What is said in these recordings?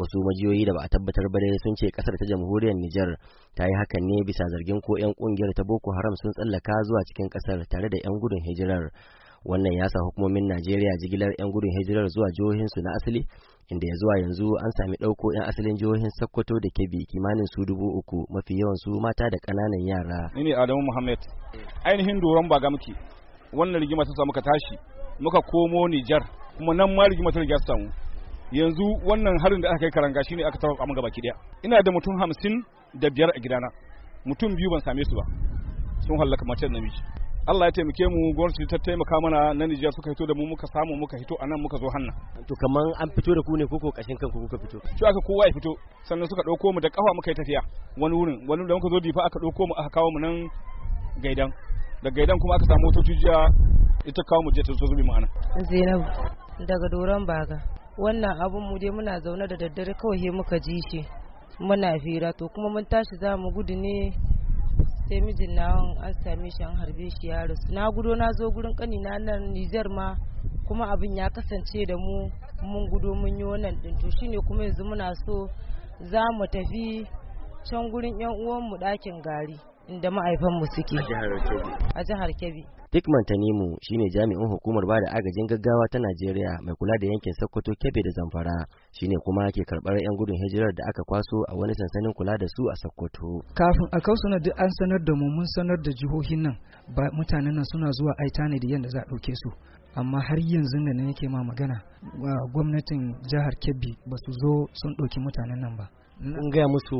wasu majiyoyi da ba a tabbatar ba dai sun ce kasar ta jamhuriyar Nijar ta yi hakan ne bisa zargin ko 'yan kungiyar ta Boko Haram sun tsallaka zuwa cikin kasar tare da 'yan gudun hijirar wannan ya sa hukumomin Najeriya jigilar 'yan gudun hijirar zuwa jihohinsu na asali inda ya zuwa yanzu an sami ɗauko 'yan asalin jihohin Sokoto da Kebbi kimanin su dubu uku mafi yawan su mata da ƙananan yara. Ni ne Adamu Muhammad ainihin doron ba muke wannan rigima ta samu ka tashi muka komo Nijar kuma nan ma rigima ta riga samu yanzu wannan harin da aka kai karanga shi ne aka tarar mu gabaki daya ina da mutum hamsin da biyar a gidana mutum biyu ban same su ba sun hallaka macen namiji Allah ya taimake mu gwamnati ta taimaka mana na Nijar suka hito da mu muka samu muka hito anan muka zo hannu. to kaman an fito da ku ne koko kashin kanku kuka fito shi aka kowa ya fito sannan suka dauko mu da kafa muka yi tafiya wani wurin wani da muka zo difa aka dauko mu aka kawo mu nan gaidan da gaidan kuma aka samu motoci jiya ita kawo mu je ta zo zubi ma'ana Zainabu daga doron baga wannan abun mu dai muna zaune da daddare kawai he muka ji shi muna hira to kuma mun tashi za mu gudu ne sai mijin na an same shi an harbe shi ya rasu na gudo na zo gurin kani na nan Nijar ma kuma abin ya kasance da mu mun gudo mun yi wannan din to shine kuma yanzu muna so za mu tafi can gurin yan mu ɗakin gari inda ma'aifan mu suke a jihar Kebbi Fikman Tanimu shine jami'in hukumar bada agajin gaggawa ta Najeriya mai kula da yankin Sokoto, Kebbi da Zamfara, shine kuma ke karbar 'yan gudun hijirar da aka kwaso a wani sansanin kula da su a Sokoto. Kafin a kawo sanar an sanar da mu mun sanar da jihohin nan ba mutanen nan suna zuwa ai da yadda za a ɗauke su. Amma har yanzu da yake ma magana gwamnatin jihar Kebbi ba su zo sun ɗauki mutanen nan ba. kun gaya musu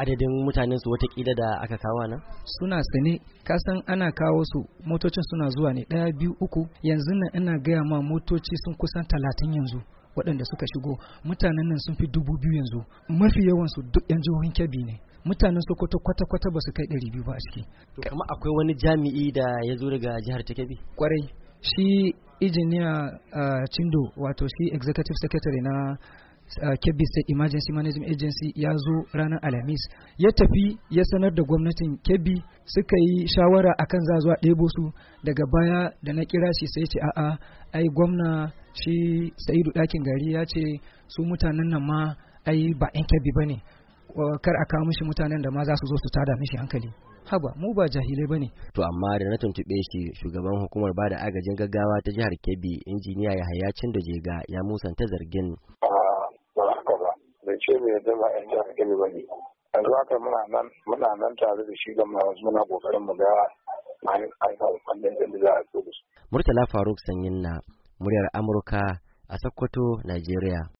adadin mutanen su watakila da aka kawo nan suna sane kasan ana kawo su motocin suna zuwa ne ɗaya biyu uku yanzu nan ina gaya ma motoci sun kusan talatin yanzu waɗanda suka shigo mutanen nan sun fi dubu biyu yanzu mafi yawansu duk yan jihohin kebbi ne mutanen sokoto kwata-kwata ba su kai ɗari biyu ba a ciki kuma akwai wani jami'i da ya zo daga jihar ta kebbi kwarai shi injiniya ah, cindo wato shi executive secretary na Uh, kebbi state emergency management agency ya zo ranar alhamis ya tafi ya sanar da gwamnatin kebbi suka yi shawara akan za zuwa ɗebo su daga baya da na kira shi sai ce a'a ai gwamna shi sa'idu ɗakin gari ya ce su mutanen nan ma ai ba 'yan kebbi ba ne kar a kawo mishi mutanen da ma za su zo su tada mishi hankali haba mu ba jahilai bane to amma da na tuntube shi shugaban hukumar bada agajin gaggawa ta jihar Kebbi injiniya Yahaya da Jega ya musanta zargin da ce bai yarda ba yan jihar Kebbi ba ne. Yanzu haka muna nan tare da shi gama muna kokarin mu ga an samu kwallon da za a Murtala Faruk Sanyin na muryar Amurka a Sokoto, Najeriya.